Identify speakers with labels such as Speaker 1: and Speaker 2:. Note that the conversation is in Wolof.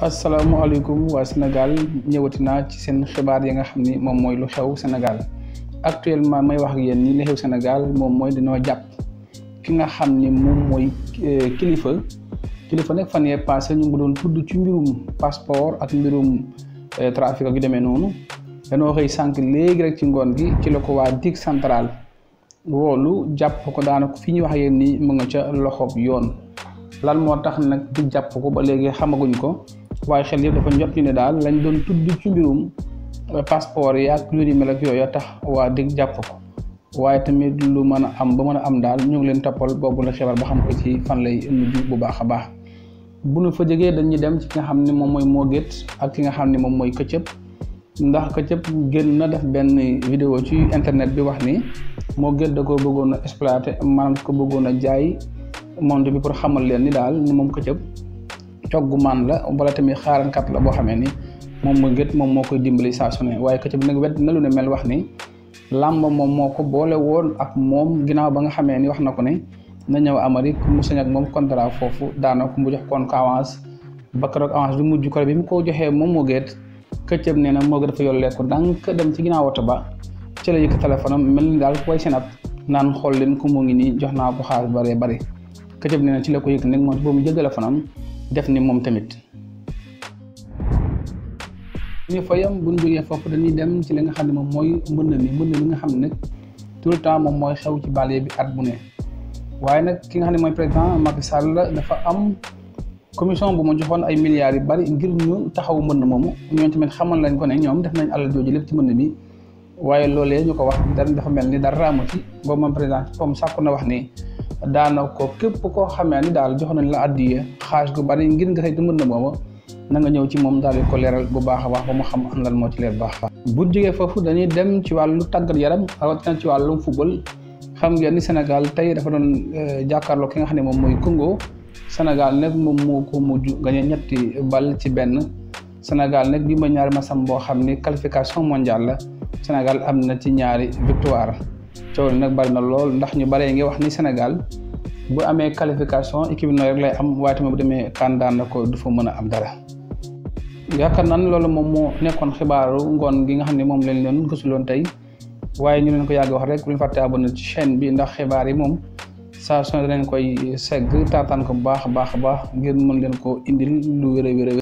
Speaker 1: asalaamaaleykum waa Sénégal ñëwati naa ci seen xibaar yi nga xam ni moom mooy lu xew Sénégal actuellement may wax ak yéen ni li xew Sénégal moom mooy dañoo jàpp ki nga xam ni moom mooy eh, kilifa kilifa nag fan yee passé ñu ngi doon tudd ci mbirum passeport ak mbirum eh, trafic ak yu demee noonu dañoo xëy sànq léegi rek ci ngoon gi ci la ko waa DIC central woolu jàpp ko daanaka fi ñu wax yéen ni mu nga ca loxoob yoon lan moo tax nag di jàpp ko ba léegi xamaguñ ko. waaye xel yëpp dafa njot ne daal lañ doon tudd ci mbirum euh, passeport yi ak lu di mel ak yooyu tax waa dig jàpp ko waaye tamit lu mën a am ba mën a am daal ñu ngi leen toppal boobu la xibaar ba xam ko ci fan lay indi bu baax a baax bu nu fa jógee ñu dem ci nga xam ne moom mooy Moget ak ki nga xam ne moom mooy ndax Këccëb génn na def benn vidéo ci internet bi wax ni Moget da ko bëggoon a exploité maanaam ko bëggoon a jaay monde bi pour xamal leen ni daal ni moom Këccëb man la wala tamit kat la bo xamé ni mom mo gëtt mom moko dimbali saa su ne ci nag wet na lu ne mel wax ni lamb mom moko ko boole ak mom ginaaw ba nga xamé ni wax nako ko ne na ñew amerik mu sañ ak mom contrat fofu daana ko mu jox kon ko avance bakkar ak avance du mujj ko bi mu ko joxé mom mo gëtt këccëb nee na moo gën dafa yollee ko dank dem ci ginaaw oto ba ci la yëk téléphone mel ni dal koy seen nan xol leen ko mo ngi ni joxna ko xaar bare bare këccëb nee na ci la ko yëk nek mo ci mu jël téléphone def ni moom tamit ñu fayam buñ jógee foofu dañuy dem ci li nga xam ne moom mooy mbënd mi mbënd mi nga xam ne tout le temps moom mooy xew ci bàlle bi at bu ne waaye nag ki nga xam ne mooy président Macky Sall dafa am commission bu ma joxoon ay milliards yu bari ngir ñu taxaw mbënd moomu ñoom tamit xamal lañ ko ne ñoom def nañ alal jooju lépp ci mbënd mi waaye loolee ñu ko wax dañ dafa mel ni dara amu ci boobu moom président comme sàkku na wax ni daana ko képp koo xamee ni daal jox nañ la addiye xaaj gu bari ngir nga saytu mën na booba na nga ñëw ci moom daal di ko leeral bu baax a baax ba mu xam am lan moo ci leer baax baax bu jógee foofu dañuy dem ci wàllu tàggat yaram rawatina ci wàllum football xam ngeen ni Sénégal tey dafa doon eh, jàkkaarloo ki nga xam ne moom mooy Congo Sénégal nag moom moo ko mujj gagné ñetti bal ci benn Sénégal nag bi ma ñaari masam boo xam ni qualification mondiale la Sénégal am na ci ñaari victoire coow li nag bari na lool ndax ñu baree ngi wax ni Sénégal bu amee qualification équipe na rek lay am waaye tamit bu demee kan daan na ko du fa mën a am dara. yaakaar naa ne loolu moom moo nekkoon xibaaru ngoon gi nga xam ne moom lañ leen gëstuloon tey waaye ñu leen ko yàgg wax rek bu leen fàtte abonné ci chaîne bi ndax xibaar yi moom saa su ne danañ koy segg taataan ko bu baax a baax baax ngir mën leen ko indil lu wér a